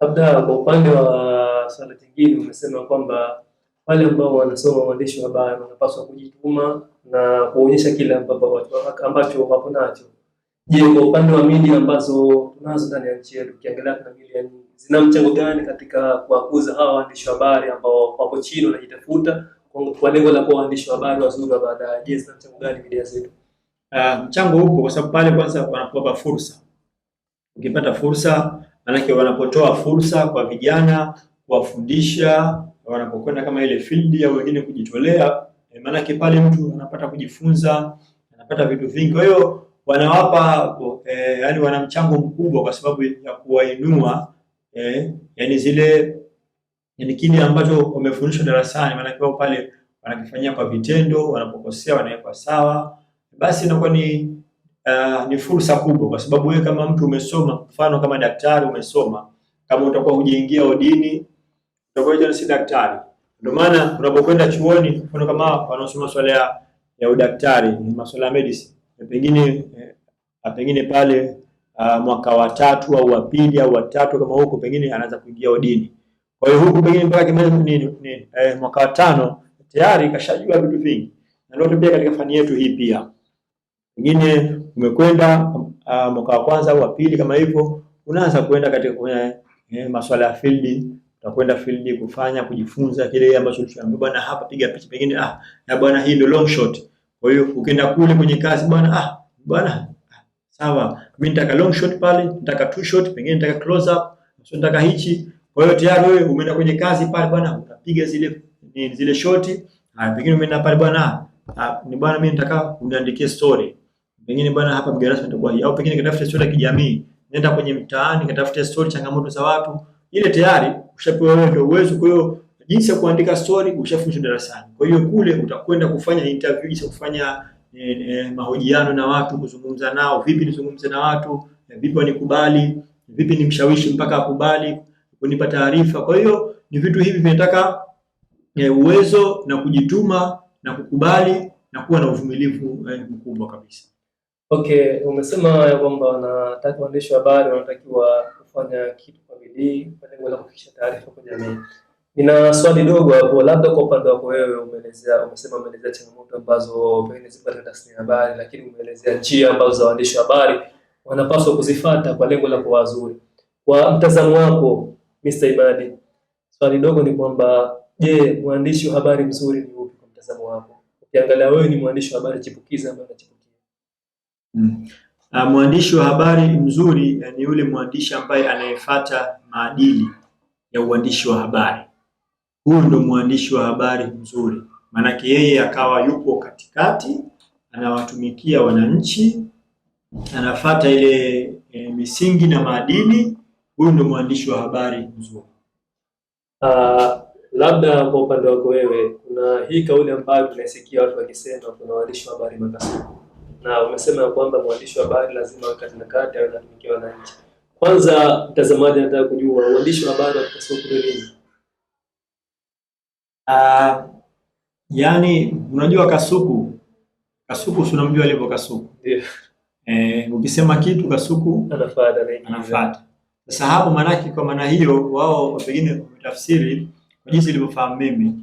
Labda kwa upande wa swala jingine, umesema kwamba wale ambao wanasoma uandishi wa habari wanapaswa kujituma na kuonyesha kile ambacho wapo nacho. Je, kwa upande wa media ambazo tunazo ndani ya nchi yetu, ukiangalia kuna media nyingi, zina mchango gani katika kuwakuza hawa waandishi wa habari ambao wapo chini wanajitafuta kwa lengo la kuwa waandishi wa habari wazuri wa baadaye? Je, zina mchango gani media zetu? Uh, mchango huko kwa sababu pale kwanza wanapowapa fursa, ukipata fursa Maanake wanapotoa fursa kwa vijana kuwafundisha, wanapokwenda kama ile field ya wengine kujitolea, eh, maanake pale mtu anapata kujifunza, anapata vitu vingi. Kwa hiyo wanawapa eh, yani wana mchango mkubwa kwa sababu ya kuwainua eh, yani zile yani kile ambacho wamefundishwa darasani, maanake wao pale wanakifanyia kwa vitendo, wanapokosea wanawekwa sawa, basi inakuwa ni Ah, ni fursa kubwa, kwa sababu wewe kama mtu umesoma, mfano kama daktari umesoma, kama utakuwa hujaingia udini utakuwa si daktari. Ndio maana unapokwenda chuoni, mfano kama wanaosoma swala ya, ya udaktari ni masuala ya medicine, pengine eh, pengine pale uh, mwaka wa tatu au wa pili au wa tatu kama huko, pengine anaanza kuingia udini. Kwa hiyo huko pengine mpaka ni, ni eh, mwaka wa tano tayari kashajua vitu vingi, na ndio pia katika fani yetu hii pia Pengine umekwenda uh, mwaka wa kwanza au wa pili kama hivyo, unaanza kwenda katika kwenye eh, eh masuala ya field, utakwenda field kufanya kujifunza kile ambacho ulichoambiwa, bwana hapa piga picha, pengine ah, na bwana hii ndio long shot. Kwa hiyo ukienda kule kwenye kazi, bwana ah, bwana ah, sawa, mimi nitaka long shot pale, nitaka two shot, pengine nitaka close up, sio nitaka hichi. Kwa hiyo tayari wewe umeenda kwenye kazi pale, bwana unapiga zile zile shoti, ah, pengine umeenda pale bwana ah, ni bwana mimi nitaka uniandikie story Pengine bwana, hapa mgeni rasmi atakuwa hii, au pengine katafute story ya kijamii, nenda kwenye mtaani katafute story changamoto za watu. Ile tayari ushapewa wewe ndio uwezo. Kwa hiyo jinsi ya kuandika story ushafunzwa darasani. Kwa hiyo kule utakwenda kufanya interview, jinsi ya kufanya eh, eh, mahojiano na watu, kuzungumza nao, vipi nizungumze na watu, eh, vipi wanikubali, vipi nimshawishi mpaka akubali kunipa taarifa. Kwa hiyo ni vitu hivi vinataka eh, uwezo na kujituma na kukubali na kuwa na uvumilivu eh, mkubwa kabisa. Okay, umesema ya kwamba wanataka waandishi wa habari wanatakiwa kufanya kitu kwa bidii kwa lengo la kufikisha taarifa kwa jamii. Nina swali dogo hapo, labda kwa upande wako wewe, umeelezea umesema umeelezea changamoto ambazo pengine zipo katika tasnia ya habari, lakini umeelezea njia ambazo za waandishi wa habari wanapaswa kuzifuata kwa lengo la kuwa wazuri. Kwa mtazamo wako Mr. Imadi, swali dogo ni kwamba je, mwandishi wa habari mzuri ni upi kwa mtazamo wako? Ukiangalia wewe ni mwandishi wa habari chipukizi ambaye anachipukiza Mm. Ah, mwandishi wa habari mzuri eh, ni yule mwandishi ambaye anayefuata maadili ya uandishi wa habari. Huyu ndo mwandishi wa habari mzuri, maanake yeye akawa yupo katikati, anawatumikia wananchi, anafata ile e, misingi na maadili. Huyu ndo mwandishi wa habari mzuri. Uh, labda kwa upande wako wewe, kuna hii kauli ambayo tunasikia watu wakisema kuna waandishi wa habari makasudi na umesema ya kwamba mwandishi wa habari lazima awe kati katikati anatumikia wananchi. Kwanza mtazamaji anataka kujua uandishi wa habari katika soko kuwa lini? Ah, yani unajua Kasuku, Kasuku si unamjua alivyo Kasuku. Yeah. Eh, ukisema kitu Kasuku anafuata anafuata. Sasa hapo maanake, kwa maana hiyo wao pengine kutafsiri kwa jinsi ilivyofahamu mimi,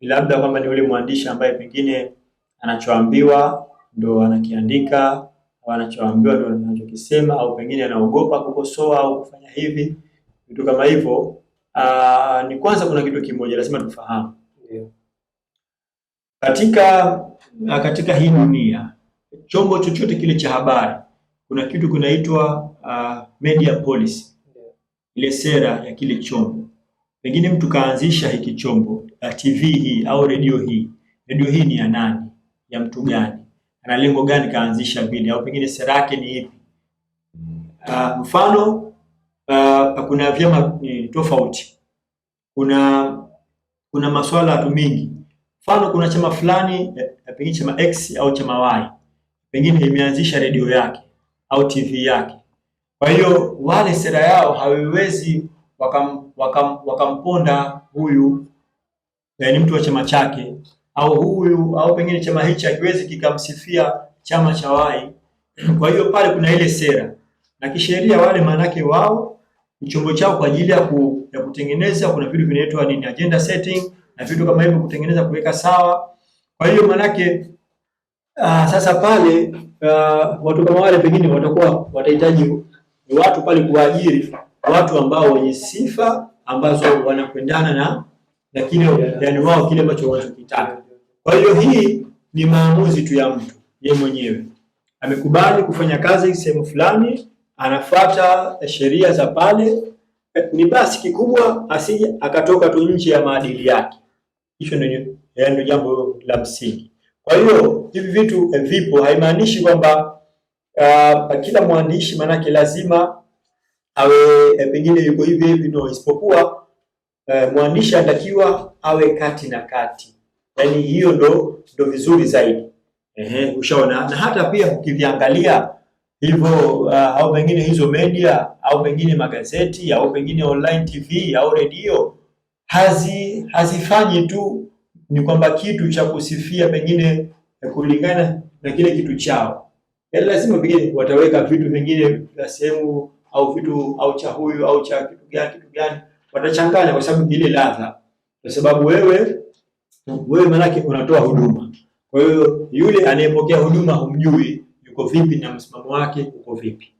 labda kwamba ni yule mwandishi ambaye pengine anachoambiwa ndo anakiandika wanachoambiwa ndo anachokisema, au pengine anaogopa kukosoa au kufanya hivi, vitu kama hivyo. Ah, ni kwanza, kuna kitu kimoja lazima tufahamu Katika ah, katika hii dunia, chombo chochote kile cha habari, kuna kitu kinaitwa uh, media policy, ile sera ya kile chombo. Pengine mtu kaanzisha hiki chombo la TV hii au redio hii. Redio hii ni ya nani? Ya mtu gani? ana lengo gani kaanzisha vile au pengine sera yake ni ipi? Uh, mfano uh, kuna vyama tofauti, kuna kuna masuala tu mingi. Mfano kuna chama fulani eh, eh, pengine chama X au chama Y pengine imeanzisha redio yake au TV yake. Kwa hiyo wale sera yao hawawezi wakam, wakam, wakamponda huyu eh, ni mtu wa chama chake au huyu au pengine chama hichi hakiwezi kikamsifia chama cha wai. Kwa hiyo pale kuna ile sera na kisheria, wale maanake wao ni chombo chao kwa ajili ya, ku, ya kutengeneza. Kuna vitu vinaitwa nini, agenda setting na vitu kama hivyo, kutengeneza kuweka sawa. Kwa hiyo maanake uh, sasa pale uh, watu kama wale pengine watakuwa watahitaji watu pale kuajiri watu ambao wenye sifa ambazo wanakwendana na lakini yeah. Yani wao kile ambacho wanachokitaka. Kwa hiyo hii ni maamuzi tu ya mtu yeye mwenyewe, amekubali kufanya kazi sehemu fulani, anafuata sheria za pale, eh, ni basi. Kikubwa asije akatoka tu nje ya maadili yake. Hicho ndio jambo la msingi. Kwa hiyo hivi vitu eh, vipo. Haimaanishi kwamba uh, kila mwandishi manake lazima awe eh, pengine yuko hivi hivi, no. Isipokuwa eh, mwandishi anatakiwa awe kati na kati yani hiyo ndo ndo vizuri zaidi. Ehe, ushaona. Na hata pia ukiviangalia hivyo uh, au pengine hizo media au pengine magazeti au pengine online TV au redio hazi hazifanyi tu, ni kwamba kitu cha kusifia pengine kulingana na kile kitu chao, yaani lazima pengine wataweka vitu vingine vya sehemu au vitu au cha huyu au cha kitu gani kitu gani, watachanganya kwa sababu ile ladha, kwa sababu wewe wewe manake unatoa huduma. Kwa hiyo yule anayepokea huduma humjui yuko vipi na msimamo wake uko vipi.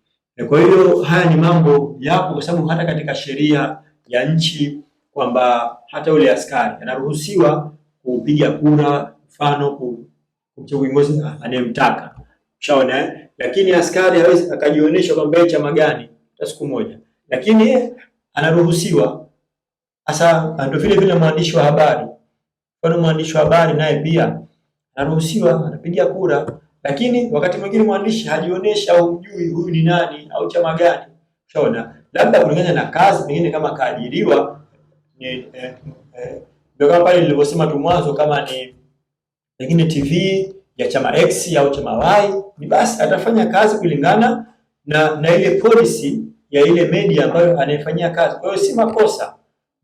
Kwa hiyo haya ni mambo yapo, kwa sababu hata katika sheria ya nchi kwamba hata yule askari anaruhusiwa kupiga kura, mfano kumchagua kiongozi anayemtaka, ushaona. Eh? Lakini askari hawezi akajionyesha kwamba chama gani hata siku moja, lakini anaruhusiwa. Sasa ndio vile vile mwandishi wa habari kwa hiyo mwandishi wa habari naye pia anaruhusiwa, anapigia kura, lakini wakati mwingine mwandishi hajionesha au mjui huyu ni nani au chama gani. Unaona, labda kulingana na kazi pengine, kama kaajiriwa ni eh, eh, ndio kama pale nilivyosema tu mwanzo, kama ni pengine TV ya chama X au chama Y, ni basi atafanya kazi kulingana na na ile policy ya ile media ambayo anayefanyia kazi. Kwa hiyo si makosa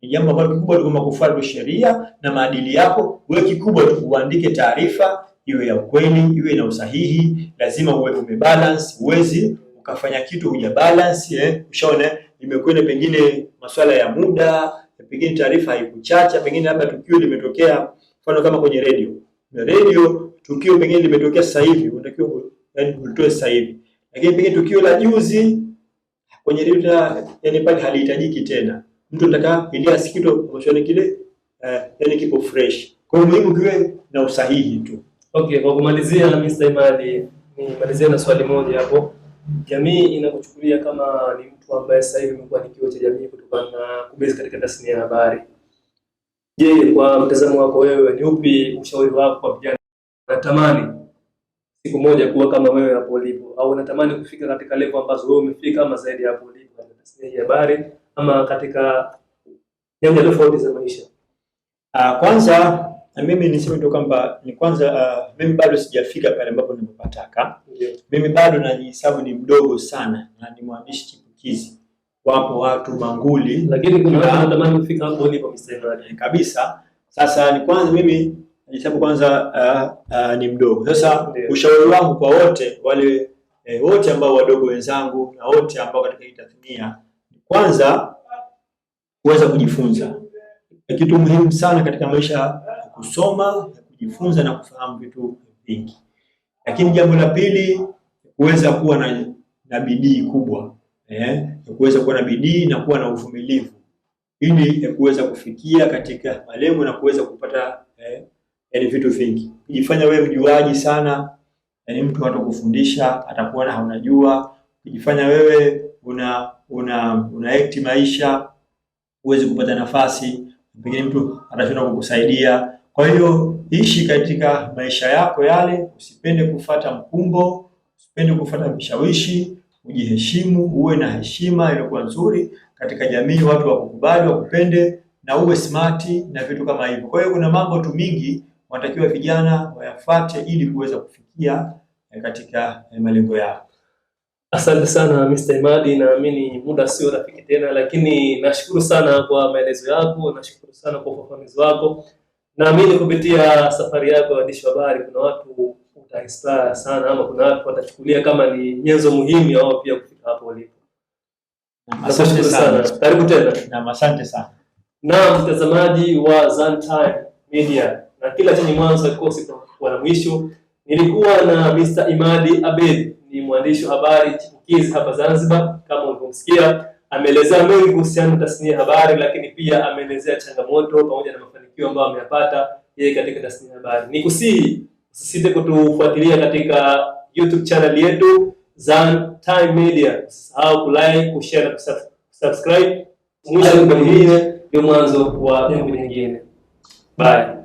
ni jambo ambalo kikubwa tu kwamba kufuata sheria na maadili yako. Wewe kikubwa tu uandike taarifa iwe ya ukweli, iwe na usahihi, lazima uwe umebalance. Uwezi ukafanya kitu huja balance eh. Ushaona imekwenda pengine masuala ya muda, pengine taarifa haikuchacha, pengine labda tukio limetokea, mfano kama kwenye redio na redio, tukio pengine limetokea sasa hivi, unatakiwa yani utoe sasa hivi, lakini pengine tukio la juzi kwenye redio, yani pale halihitajiki tena mtu anataka ili asikie ambacho kile eh, yani kipo fresh. Kwa hiyo muhimu kiwe na usahihi tu. Okay, kwa kumalizia Mr. Imadi, nimalizie na swali moja hapo. Jamii inakuchukulia kama ni mtu ambaye sasa hivi umekuwa ni kioo cha jamii kutokana na kubezi katika tasnia ya habari. Je, kwa mtazamo wako wewe ni upi ushauri wako kwa vijana? Natamani siku moja kuwa kama wewe hapo ulipo au natamani kufika katika level ambazo wewe umefika ama zaidi hapo ulipo katika tasnia ya habari? ama katika nyanja tofauti za maisha? Uh, kwanza mimi niseme tu kwamba ni kwanza, uh, mimi bado sijafika pale ambapo nimepataka. Yeah. Mimi bado najihesabu ni mdogo sana na ni mwandishi chipukizi. Wapo watu manguli, lakini kuna watu ah, wanatamani kufika hapo ulipo msemaji eh, kabisa. Sasa ni kwanza mimi najihesabu kwanza, uh, uh, ni mdogo. Sasa yeah. Ushauri wangu kwa wote wale eh, wote ambao wadogo wenzangu na wote ambao katika hii tathmia kwanza, kuweza kujifunza ni kitu muhimu sana katika maisha ya kusoma, kujifunza na kufahamu vitu vingi. Lakini jambo la pili, kuweza kuwa na, na bidii kubwa eh, kuweza kuwa na bidii na kuwa na uvumilivu ili eh, kuweza kufikia katika malengo na kuweza kupata eh, yani vitu vingi. Kujifanya wewe mjuaji sana, yani mtu atakufundisha atakuona haunajua. Kujifanya wewe una una una act maisha, huwezi kupata nafasi, pengine mtu atashindwa kukusaidia. Kwa hiyo ishi katika maisha yako yale, usipende kufata mkumbo, usipende kufata vishawishi, ujiheshimu, uwe na heshima iliyokuwa nzuri katika jamii, watu wakukubali, wakupende na uwe smart na vitu kama hivyo. Kwa hiyo kuna mambo tu mingi wanatakiwa vijana wayafate ili kuweza kufikia eh, katika eh, malengo yao. Asante sana Mr. Imadi, naamini muda sio rafiki tena, lakini nashukuru sana kwa maelezo yako, nashukuru sana kwa ufafanuzi wako. Naamini kupitia safari yako ya waandishi wa habari, kuna watu utainspire sana, ama kuna watu watachukulia kama ni nyenzo muhimu ya wao pia kufika hapo walipo. Asante sana, karibu tena. Na asante sana na mtazamaji wa Zantime Media na kila chenye mwanzo kikosi kwa mwisho, nilikuwa na Mr. Imadi Abedi ni mwandishi wa habari chipukizi hapa Zanzibar, kama ulivyomsikia ameelezea mengi kuhusiana na tasnia ya habari, lakini pia ameelezea changamoto pamoja na mafanikio ambayo ameyapata yeye katika tasnia ya habari. kusihi usisite kutufuatilia katika YouTube channel yetu Zantime Media, usisahau kulike, kushare na kusubscribe. Mwisho hii ndio mwanzo wa video nyingine. Bye.